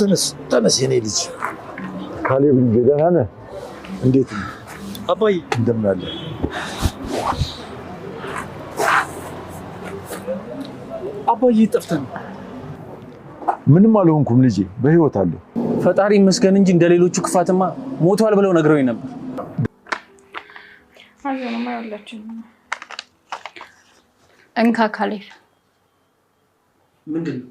ተነስ ተነስ፣ የኔ ልጅ ካሌብ፣ ደህና ነህ? እንዴት ነው አባዬ? እንደምን አለ? አባዬ ጠፍተህ ምንም አልሆንኩም ልጄ፣ በህይወት አለሁ። ፈጣሪ ይመስገን እንጂ እንደሌሎቹ ክፋትማ ሞቷል ብለው ነግረውኝ ነበር። አዘነማ ያላችሁ እንካ ካሌብ፣ ምንድን ነው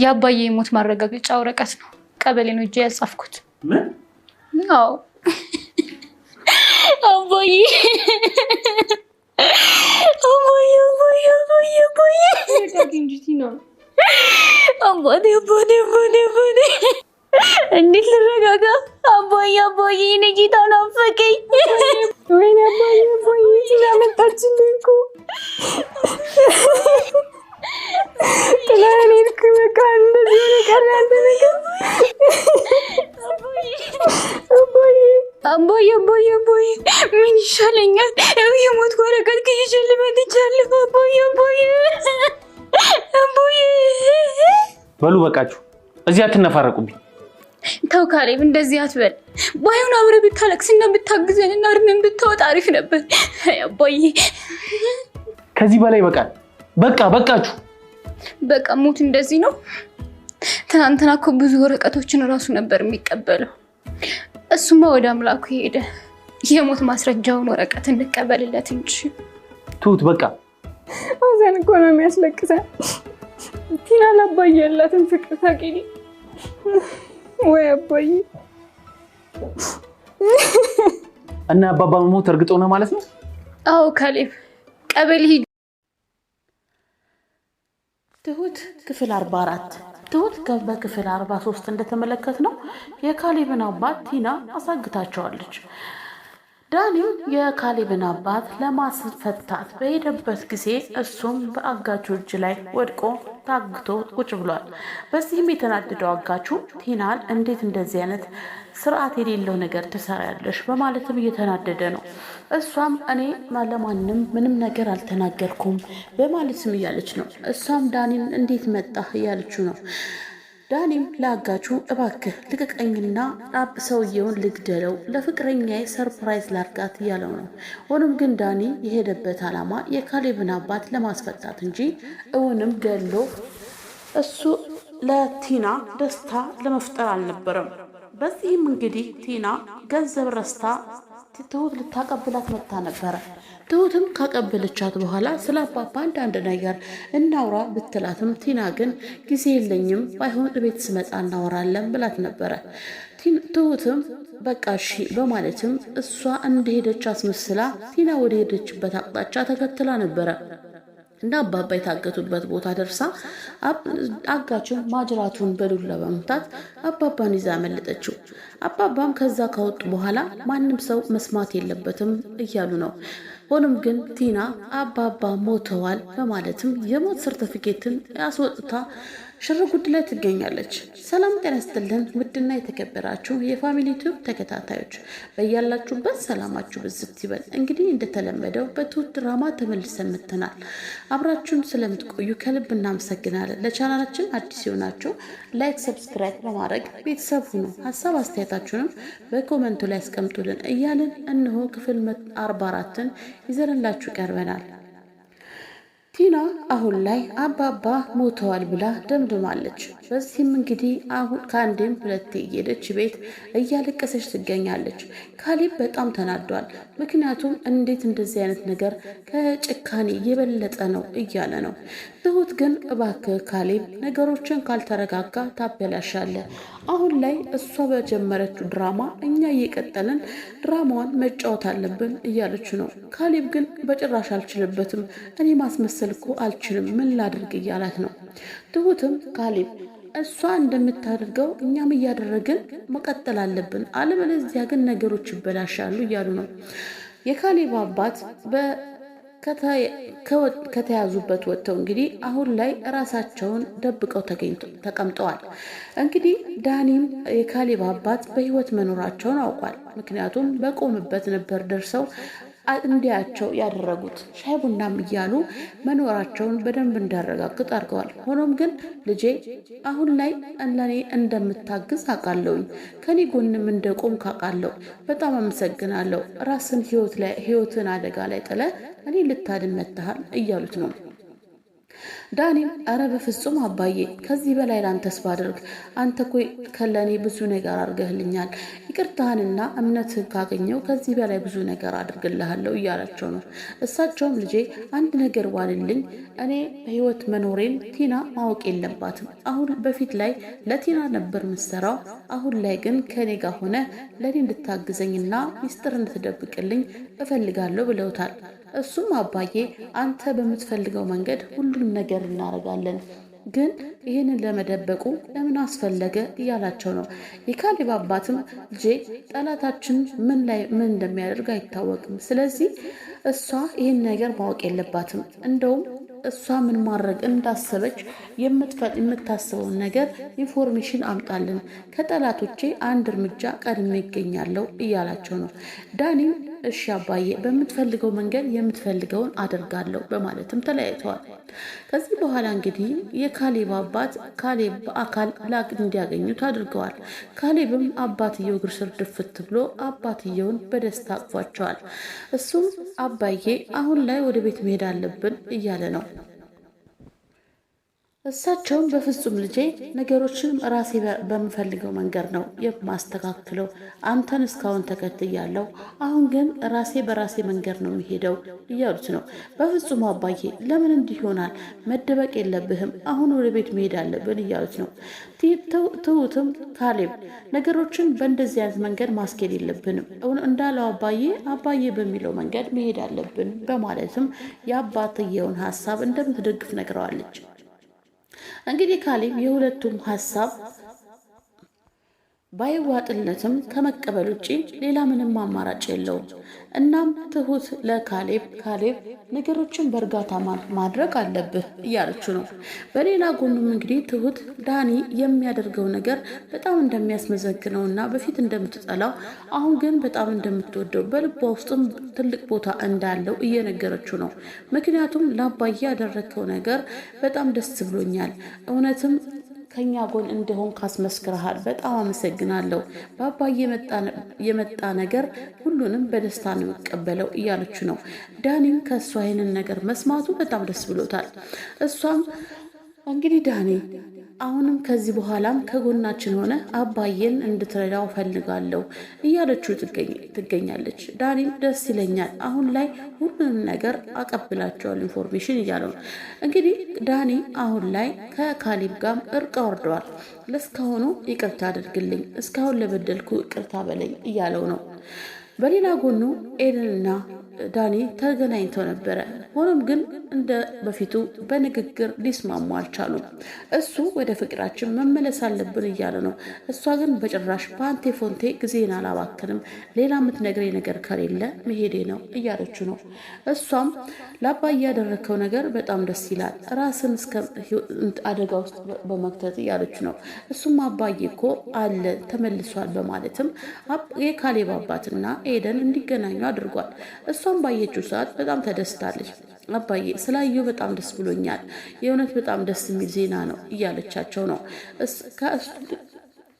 የአባዬ ሞት ማረጋገጫ ወረቀት ነው። ቀበሌ ነው እጄ ያጻፍኩት። ምን አባዬ እንዴት ልረጋጋ? አባዬ አባዬ እኔ ጌታ ናፈቀኝ። ወይኔ አባዬ አባዬ ስላመጣችልኝ እኮ ጥላዬን እየቀረ ያለ ነገር አቦዬ አቦዬ አቦዬ ምን ይሻለኛል? ያው የሞትኩ ወረቀት ከይዤ ልመጥቻለሁ። አቦዬ አቦዬ አቦዬ በሉ በቃችሁ፣ እዚህ አትነፋረቁብኝ። ተው ካሌብ፣ እንደዚህ አትበል። ባይሆን አብረህ ብታለቅስና ብታግዘን እና እርምን ብታወጣ አሪፍ ነበር። አቦዬ ከዚህ በላይ በቃል። በቃ በቃችሁ፣ በቃ ሞት እንደዚህ ነው። ትናንትና እኮ ብዙ ወረቀቶችን እራሱ ነበር የሚቀበለው። እሱማ ወደ አምላኩ ሄደ። የሞት ማስረጃውን ወረቀት እንቀበልለት እንጂ ትሁት፣ በቃ አዘን እኮ ነው የሚያስለቅሰን። ቲና ለአባዬ ያላትን ፍቅር ታውቂኝ ወይ? አባዬ እና አባባ መሞት እርግጦ ነው ማለት ነው? አዎ ካሌብ፣ ቀበሌ ትሁት ክፍል አርባ አራት ትሁት በክፍል 43 እንደተመለከት ነው የካሌብን አባት ቲና አሳግታቸዋለች። ዳኒም የካሌብን አባት ለማስፈታት በሄደበት ጊዜ እሱም በአጋቹ እጅ ላይ ወድቆ ታግቶ ቁጭ ብሏል። በዚህም የተናደደው አጋቹ ቲናን እንዴት እንደዚህ አይነት ስርዓት የሌለው ነገር ትሰራያለሽ በማለትም እየተናደደ ነው። እሷም እኔ ለማንም ምንም ነገር አልተናገርኩም በማለትም እያለች ነው። እሷም ዳኒን እንዴት መጣ እያለችው ነው። ዳኒም ለአጋቹ እባክህ ልቅቀኝና አብ ሰውየውን ልግደለው ለፍቅረኛዬ ሰርፕራይዝ ላርጋት እያለው ነው። ሆኖም ግን ዳኒ የሄደበት ዓላማ የካሌብን አባት ለማስፈጣት እንጂ እውንም ገሎ እሱ ለቲና ደስታ ለመፍጠር አልነበረም። በዚህም እንግዲህ ቲና ገንዘብ ረስታ ትሁት ልታቀብላት መጥታ ነበረ። ትሁትም ካቀበለቻት በኋላ ስለ አባባ አንዳንድ ነገር እናውራ ብትላትም ቲና ግን ጊዜ የለኝም ባይሆን ቤት ስመጣ እናወራለን ብላት ነበረ። ትሁትም በቃ እሺ በማለትም እሷ እንደሄደች አስመስላ ቲና ወደ ሄደችበት አቅጣጫ ተከትላ ነበረ። እና አባባ የታገቱበት ቦታ ደርሳ አጋችን ማጅራቱን በዱላ በመምታት አባባን ይዛ ያመለጠችው። አባባም ከዛ ካወጡ በኋላ ማንም ሰው መስማት የለበትም እያሉ ነው። ሆኖም ግን ቲና አባባ ሞተዋል በማለትም የሞት ሰርተፊኬትን ያስወጥታ ጉድ ላይ ትገኛለች። ሰላም ጤና ይስጥልን ውድና የተከበራችሁ የፋሚሊ ቱብ ተከታታዮች በያላችሁበት ሰላማችሁ ብዝት ይበል። እንግዲህ እንደተለመደው በትሁት ድራማ ተመልሰን መጥተናል። አብራችሁን ስለምትቆዩ ከልብ እናመሰግናለን። ለቻናላችን አዲስ የሆናችሁ ላይክ፣ ሰብስክራይብ በማድረግ ቤተሰብ ሁኑ። ሀሳብ አስተያየታችሁንም በኮመንቱ ላይ ያስቀምጡልን እያልን እነሆ ክፍል አርባ አራትን ይዘንላችሁ ቀርበናል። ቲና አሁን ላይ አባባ ሞተዋል ብላ ደምድማለች። በዚህም እንግዲህ አሁን ከአንዴም ሁለቴ እየሄደች ቤት እያለቀሰች ትገኛለች። ካሌብ በጣም ተናዷል። ምክንያቱም እንዴት እንደዚህ አይነት ነገር ከጭካኔ የበለጠ ነው እያለ ነው። ትሁት ግን እባክህ ካሌብ ነገሮችን ካልተረጋጋ ታበላሻለ። አሁን ላይ እሷ በጀመረችው ድራማ እኛ እየቀጠልን ድራማዋን መጫወት አለብን እያለች ነው። ካሌብ ግን በጭራሽ አልችልበትም፣ እኔ ማስመሰል እኮ አልችልም፣ ምን ላድርግ እያላት ነው። ትሁትም ካሌብ እሷ እንደምታደርገው እኛም እያደረግን መቀጠል አለብን፣ አለበለዚያ ግን ነገሮች ይበላሻሉ እያሉ ነው። የካሌብ አባት ከተያዙበት ወጥተው እንግዲህ አሁን ላይ ራሳቸውን ደብቀው ተቀምጠዋል። እንግዲህ ዳኒም የካሌብ አባት በሕይወት መኖራቸውን አውቋል። ምክንያቱም በቆምበት ነበር ደርሰው እንዲያቸው ያደረጉት ሻይ ቡናም እያሉ መኖራቸውን በደንብ እንዳረጋግጥ አድርገዋል። ሆኖም ግን ልጄ አሁን ላይ ለኔ እንደምታግዝ አውቃለሁኝ፣ ከኔ ጎንም እንደቆም ካውቃለሁ። በጣም አመሰግናለሁ። ራስን ህይወትን አደጋ ላይ ጥለ እኔ ልታድን መጥተሃል እያሉት ነው። ዳኒም አረ በፍጹም አባዬ ከዚህ በላይ ላንተስ ባደርግ አንተ ኮ ከለኔ ብዙ ነገር አድርገህልኛል። ይቅርታህንና እምነትህን ካገኘው ከዚህ በላይ ብዙ ነገር አድርግልሃለሁ እያላቸው ነው። እሳቸውም ልጄ አንድ ነገር ዋልልኝ፣ እኔ በህይወት መኖሬን ቲና ማወቅ የለባትም። አሁን በፊት ላይ ለቲና ነበር ምሰራው፣ አሁን ላይ ግን ከኔ ጋር ሆነ ለእኔ እንድታግዘኝና ሚስጥር እንድትደብቅልኝ እፈልጋለሁ ብለውታል። እሱም አባዬ አንተ በምትፈልገው መንገድ ሁሉንም ነገር እናደርጋለን ግን ይህንን ለመደበቁ ለምን አስፈለገ እያላቸው ነው። የካሌብ አባትም ልጄ ጠላታችን ምን ላይ ምን እንደሚያደርግ አይታወቅም። ስለዚህ እሷ ይህን ነገር ማወቅ የለባትም። እንደውም እሷ ምን ማድረግ እንዳሰበች የምታስበውን ነገር ኢንፎርሜሽን አምጣልን፣ ከጠላቶቼ አንድ እርምጃ ቀድሜ ይገኛለሁ እያላቸው ነው ዳኒም እሺ አባዬ በምትፈልገው መንገድ የምትፈልገውን አደርጋለሁ በማለትም ተለያይተዋል። ከዚህ በኋላ እንግዲህ የካሌብ አባት ካሌብ በአካል ላቅ እንዲያገኙት አድርገዋል። ካሌብም አባትየው እግር ስር ድፍት ብሎ አባትየውን በደስታ አቅፏቸዋል። እሱም አባዬ አሁን ላይ ወደ ቤት መሄድ አለብን እያለ ነው። እሳቸውም በፍጹም ልጄ፣ ነገሮችን ራሴ በምፈልገው መንገድ ነው የማስተካክለው። አንተን እስካሁን ተከትያለሁ፣ አሁን ግን ራሴ በራሴ መንገድ ነው የሚሄደው እያሉት ነው። በፍጹም አባዬ፣ ለምን እንዲህ ይሆናል? መደበቅ የለብህም አሁን ወደ ቤት መሄድ አለብን እያሉት ነው። ትሁትም ካሌብ፣ ነገሮችን በእንደዚህ አይነት መንገድ ማስኬድ የለብንም እንዳለው አባዬ አባዬ በሚለው መንገድ መሄድ አለብን በማለትም የአባትየውን ሀሳብ እንደምትደግፍ ነግረዋለች። እንግዲህ ካሌብ የሁለቱም ሀሳብ ባይዋጥለትም ከመቀበል ውጪ ሌላ ምንም አማራጭ የለውም። እናም ትሁት ለካሌብ ካሌብ ነገሮችን በእርጋታ ማድረግ አለብህ እያለችው ነው። በሌላ ጎኑም እንግዲህ ትሁት ዳኒ የሚያደርገው ነገር በጣም እንደሚያስመዘግነው እና በፊት እንደምትጠላው አሁን ግን በጣም እንደምትወደው በልቧ ውስጥም ትልቅ ቦታ እንዳለው እየነገረችው ነው። ምክንያቱም ለአባዬ ያደረግከው ነገር በጣም ደስ ብሎኛል እውነትም ከኛ ጎን እንደሆን ካስመስክረሃል። በጣም አመሰግናለሁ ባባ። የመጣ ነገር ሁሉንም በደስታ ነው የሚቀበለው እያለች ነው። ዳኒም ከእሷ ይህንን ነገር መስማቱ በጣም ደስ ብሎታል። እሷም እንግዲህ ዳኒ አሁንም ከዚህ በኋላም ከጎናችን ሆነ አባዬን እንድትረዳው ፈልጋለሁ እያለችው ትገኛለች። ዳኒም ደስ ይለኛል፣ አሁን ላይ ሁሉንም ነገር አቀብላቸዋል ኢንፎርሜሽን እያለው ነው። እንግዲህ ዳኒ አሁን ላይ ከካሊብ ጋም እርቅ አወርደዋል። ለእስካሁኑ ይቅርታ አድርግልኝ፣ እስካሁን ለበደልኩ ይቅርታ በለኝ እያለው ነው። በሌላ ጎኑ ኤደንና ዳኒ ተገናኝተው ነበረ። ሆኖም ግን እንደ በፊቱ በንግግር ሊስማሙ አልቻሉም። እሱ ወደ ፍቅራችን መመለስ አለብን እያለ ነው። እሷ ግን በጭራሽ በአንቴ ፎንቴ ጊዜን አላባክንም፣ ሌላ የምትነግረኝ ነገር ከሌለ መሄዴ ነው እያለች ነው። እሷም ለአባዬ ያደረከው ነገር በጣም ደስ ይላል፣ ራስን እስከ አደጋ ውስጥ በመክተት እያለች ነው። እሱም አባዬ እኮ አለ ተመልሷል በማለትም የካሌብ አባትና ኤደን እንዲገናኙ አድርጓል። እሷ እሷም ባየችው ሰዓት በጣም ተደስታለች። አባዬ ስላየሁ በጣም ደስ ብሎኛል፣ የእውነት በጣም ደስ የሚል ዜና ነው እያለቻቸው ነው።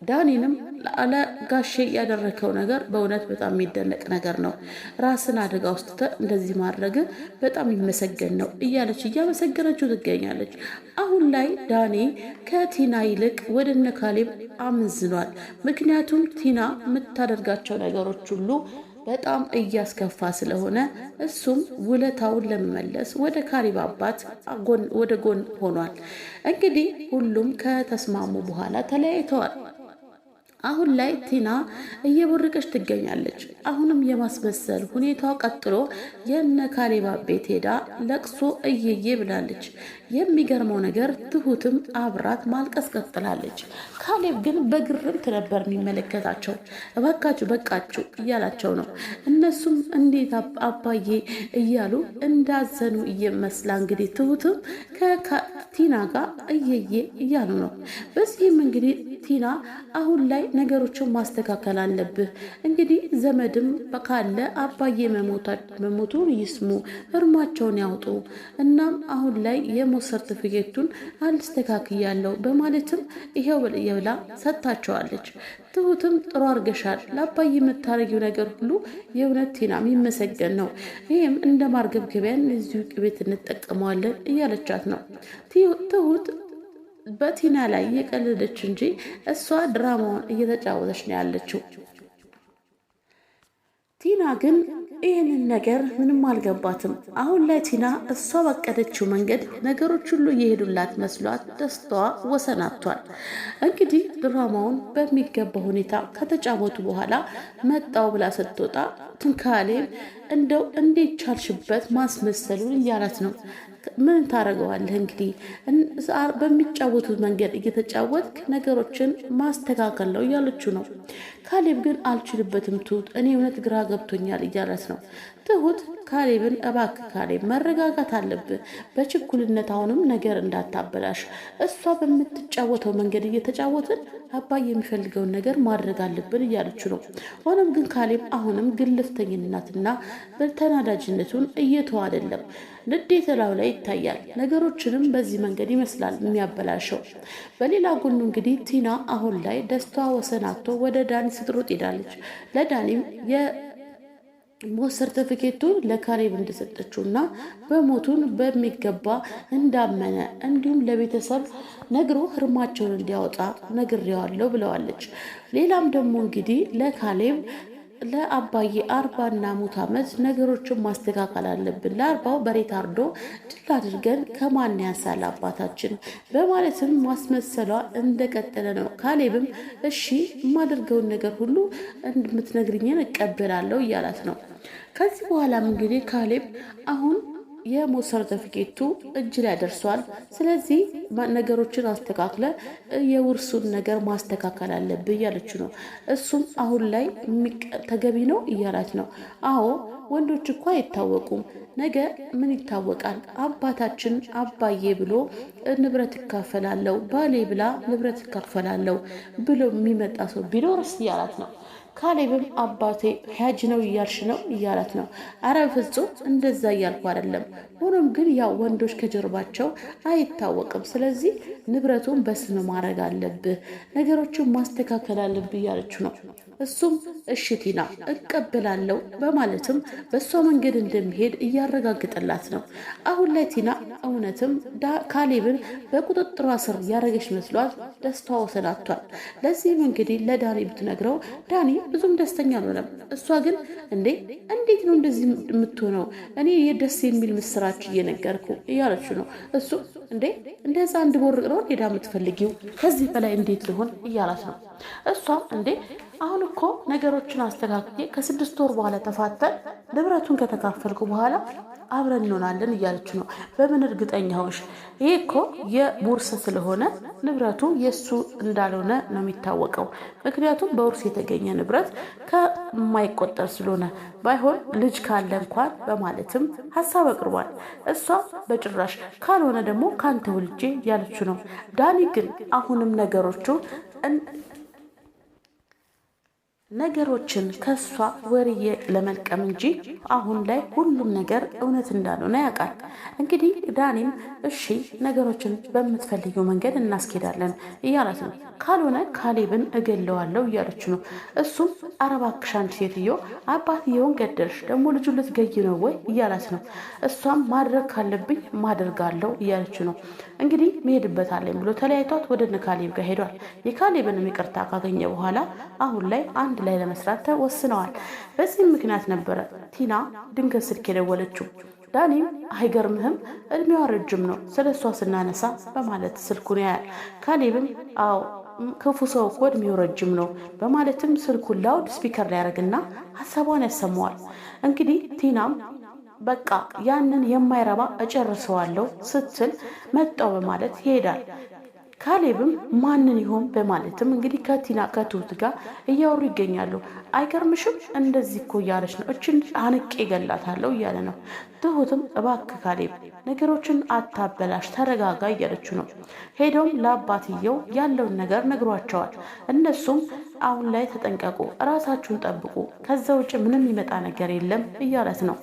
ዳኒንም ጋሼ ያደረከው ነገር በእውነት በጣም የሚደነቅ ነገር ነው። ራስን አደጋ ውስጥ እንደዚህ ማድረግ በጣም የሚመሰገን ነው እያለች እያመሰገነችው ትገኛለች። አሁን ላይ ዳኒ ከቲና ይልቅ ወደ እነ ካሌብ አምዝኗል። ምክንያቱም ቲና የምታደርጋቸው ነገሮች ሁሉ በጣም እያስከፋ ስለሆነ እሱም ውለታውን ለመመለስ ወደ ካሪብ አባት ወደ ጎን ሆኗል። እንግዲህ ሁሉም ከተስማሙ በኋላ ተለያይተዋል። አሁን ላይ ቲና እየቦረቀች ትገኛለች። አሁንም የማስመሰል ሁኔታው ቀጥሎ የነ ካሌባ ቤት ሄዳ ለቅሶ እየዬ ብላለች። የሚገርመው ነገር ትሁትም አብራት ማልቀስ ቀጥላለች። ካሌብ ግን በግርምት ነበር የሚመለከታቸው። እባካችሁ በቃችሁ እያላቸው ነው። እነሱም እንዴት አባዬ እያሉ እንዳዘኑ እየመስላ እንግዲህ ትሁትም ከቲና ጋር እየዬ እያሉ ነው። በዚህም እንግዲህ ቲና አሁን ላይ ነገሮችን ማስተካከል አለብህ። እንግዲህ ዘመድም ካለ አባዬ መሞቱን ይስሙ፣ እርማቸውን ያውጡ። እናም አሁን ላይ የሞት ሰርቲፊኬቱን አልስተካክያለሁ በማለትም ይሄው የብላ ሰጥታቸዋለች። ትሁትም ጥሩ አርገሻል፣ ለአባይ የምታረጊው ነገር ሁሉ የእውነት ቲና የሚመሰገን ነው። ይህም እንደ ማርገብገቢያን እዚሁ ቅቤት እንጠቀመዋለን እያለቻት ነው ትሁት በቲና ላይ እየቀለደች እንጂ እሷ ድራማውን እየተጫወተች ነው ያለችው። ቲና ግን ይህንን ነገር ምንም አልገባትም። አሁን ላይ ቲና እሷ ባቀደችው መንገድ ነገሮች ሁሉ እየሄዱላት መስሏት ደስታዋ ወሰናቷል። እንግዲህ ድራማውን በሚገባ ሁኔታ ከተጫወቱ በኋላ መጣው ብላ ስትወጣ ትንካሌም እንደው እንዴት ቻልሽበት ማስመሰሉን እያላት ነው። ምን ታደርገዋለህ እንግዲህ በሚጫወቱት መንገድ እየተጫወትክ ነገሮችን ማስተካከል ነው እያለችው ነው። ካሌብ ግን አልችልበትም ትሁት፣ እኔ እውነት ግራ ገብቶኛል እያለት ነው። ትሁት ካሌብን እባክህ ካሌብ መረጋጋት አለብህ። በችኩልነት አሁንም ነገር እንዳታበላሽ። እሷ በምትጫወተው መንገድ እየተጫወትን አባይ የሚፈልገውን ነገር ማድረግ አለብን እያለች ነው። ሆኖም ግን ካሌብ አሁንም ግልፍተኝነትና ተናዳጅነቱን እየተው አይደለም። ንዴት ላዩ ላይ ይታያል። ነገሮችንም በዚህ መንገድ ይመስላል የሚያበላሸው። በሌላ ጎኑ እንግዲህ ቲና አሁን ላይ ደስታ ወሰናቶ ወደ ዳኒ ስትሮጥ ሄዳለች። ለዳኒም ሞት ሰርተፊኬቱን ለካሌብ እንደሰጠችው እና በሞቱን በሚገባ እንዳመነ እንዲሁም ለቤተሰብ ነግሮ ህርማቸውን እንዲያወጣ ነግሬዋለሁ ብለዋለች። ሌላም ደግሞ እንግዲህ ለካሌብ ለአባዬ አርባ እና ሙት ዓመት ነገሮችን ማስተካከል አለብን። ለአርባው በሬ ታርዶ ድል አድርገን ከማን ያንሳል አባታችን በማለትም ማስመሰሏ እንደቀጠለ ነው። ካሌብም እሺ የማደርገውን ነገር ሁሉ እንድምትነግርኝን እቀበላለሁ እያላት ነው። ከዚህ በኋላም እንግዲህ ካሌብ አሁን የሞት ሰርተፊኬቱ እጅ ላይ ደርሷል። ስለዚህ ነገሮችን አስተካክለ የውርሱን ነገር ማስተካከል አለብህ እያለች ነው። እሱም አሁን ላይ ተገቢ ነው እያላት ነው። አዎ ወንዶች እኮ አይታወቁም። ነገ ምን ይታወቃል? አባታችን አባዬ ብሎ ንብረት እካፈላለው፣ ባሌ ብላ ንብረት እካፈላለው ብሎ የሚመጣ ሰው ቢኖርስ እያላት ነው ካሌብም አባቴ ሂያጅ ነው እያልሽ ነው እያላት ነው። አረ ፍጹም እንደዛ እያልኩ አይደለም። ሆኖም ግን ያው ወንዶች ከጀርባቸው አይታወቅም። ስለዚህ ንብረቱን በስም ማድረግ አለብህ፣ ነገሮችን ማስተካከል አለብህ እያለች ነው። እሱም እሽቲና ቲና እቀበላለሁ በማለትም በእሷ መንገድ እንደሚሄድ እያረጋግጠላት ነው። አሁን ላይ ቲና እውነትም ካሌብን በቁጥጥሯ ስር ያደረገች መስሏት ደስታ ወሰናቷል። ለዚህም እንግዲህ ለዳኒ ብትነግረው ዳኒ ብዙም ደስተኛ አልሆነም። እሷ ግን እንዴ እንዴት ነው እንደዚህ የምትሆነው? እኔ የደስ የሚል ምስራች እየነገርኩ እያለች ነው። እሱ እንዴ እንደ ህፃ እንድቦርቅ ነው ሄዳ የምትፈልጊው ከዚህ በላይ እንዴት ሊሆን እያላት ነው። እሷም እንዴ አሁን እኮ ነገሮችን አስተካክዬ ከስድስት ወር በኋላ ተፋተን ንብረቱን ከተካፈልኩ በኋላ አብረን እንሆናለን እያለች ነው። በምን እርግጠኛ ሆንሽ? ይሄ እኮ የቡርስ ስለሆነ ንብረቱ የእሱ እንዳልሆነ ነው የሚታወቀው። ምክንያቱም በውርስ የተገኘ ንብረት ከማይቆጠር ስለሆነ ባይሆን ልጅ ካለ እንኳን በማለትም ሀሳብ አቅርቧል። እሷ በጭራሽ ካልሆነ ደግሞ ከአንተ ውልጄ ያለች ነው። ዳኒ ግን አሁንም ነገሮቹ ነገሮችን ከሷ ወርዬ ለመልቀም እንጂ አሁን ላይ ሁሉም ነገር እውነት እንዳልሆነ ያውቃል። እንግዲህ ዳኒም እሺ ነገሮችን በምትፈልጊው መንገድ እናስኬዳለን እያላት ነው። ካልሆነ ካሌብን እገለዋለሁ እያለች ነው። እሱም አረባክሽ አንቺ ሴትዮ አባትየውን ገደልሽ፣ ደግሞ ልጁ ልትገይ ነው ወይ እያላት ነው። እሷም ማድረግ ካለብኝ ማደርጋለሁ እያለች ነው። እንግዲህ አለኝ ብሎ ተለያይቷት ወደ እነ ካሌብ ጋር ሄዷል። የካሌብንም ይቅርታ ካገኘ በኋላ አሁን ላይ አንድ ላይ ለመስራት ተወስነዋል። በዚህም ምክንያት ነበረ ቲና ድንገት ስልክ የደወለችው። ዳኒም አይገርምህም እድሜዋ ረጅም ነው ስለ እሷ ስናነሳ በማለት ስልኩን ያያል። ካሌብም አዎ ክፉ ሰው እኮ እድሜው ረጅም ነው በማለትም ስልኩን ላውድ ስፒከር ላይ ያደርግና ሀሳቧን ያሰማዋል። እንግዲህ ቲናም በቃ ያንን የማይረባ እጨርሰዋለሁ ስትል መጣው በማለት ይሄዳል። ካሌብም ማንን ይሆን በማለትም እንግዲህ ከቲና ከትሁት ጋር እያወሩ ይገኛሉ። አይገርምሽም? እንደዚህ እኮ እያለች ነው እችን አንቄ እገላታለሁ እያለ ነው። ትሁትም እባክህ ካሌብ ነገሮችን አታበላሽ፣ ተረጋጋ እያለችው ነው። ሄደውም ለአባትየው ያለውን ነገር ነግሯቸዋል። እነሱም አሁን ላይ ተጠንቀቁ፣ እራሳችሁን ጠብቁ፣ ከዛ ውጭ ምንም ይመጣ ነገር የለም እያለት ነው።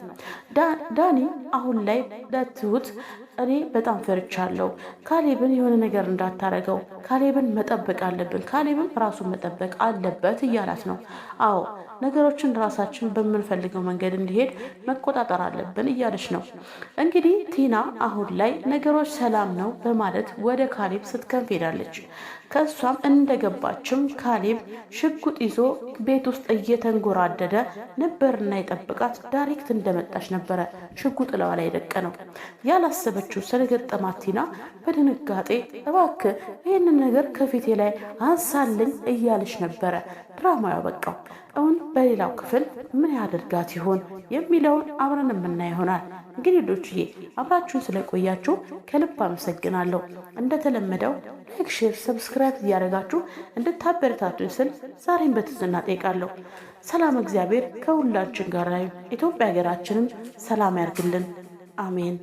ዳኒ አሁን ላይ ለትሁት እኔ በጣም ፈርቻለሁ፣ ካሌብን የሆነ ነገር እንዳታረገው፣ ካሌብን መጠበቅ አለብን፣ ካሌብን ራሱን መጠበቅ አለበት እያላት ነው። አዎ ነገሮችን ራሳችን በምንፈልገው መንገድ እንዲሄድ መቆጣጠር አለብን እያለች ነው። እንግዲህ ቲና አሁን ላይ ነገሮች ሰላም ነው በማለት ወደ ካሌብ ስትከንፍ ሄዳለች። ከእሷም እንደገባችም ካሌብ ሽጉጥ ይዞ ቤት ውስጥ እየተንጎራደደ ነበርና የጠበቃት ዳይሬክት እንደመጣች ነበረ ሽጉጥ ለዋ ላይ ነው ያላሰበችው ስለገጠማት ቲና በድንጋጤ እባክህ ይህንን ነገር ከፊቴ ላይ አንሳልኝ እያለች ነበረ። ድራማ ያበቃው እውን በሌላው ክፍል ምን ያደርጋት ይሆን የሚለውን አብረን የምናይ ይሆናል። እንግዲህ ዶችዬ አብራችሁን ስለቆያችሁ ከልብ አመሰግናለሁ። እንደተለመደው ላይክ፣ ሼር፣ ሰብስክራይብ እያደረጋችሁ እንድታበረታቱን ስል ዛሬን በትህትና ጠይቃለሁ። ሰላም እግዚአብሔር ከሁላችን ጋር ላይ ኢትዮጵያ ሀገራችንን ሰላም ያርግልን። አሜን።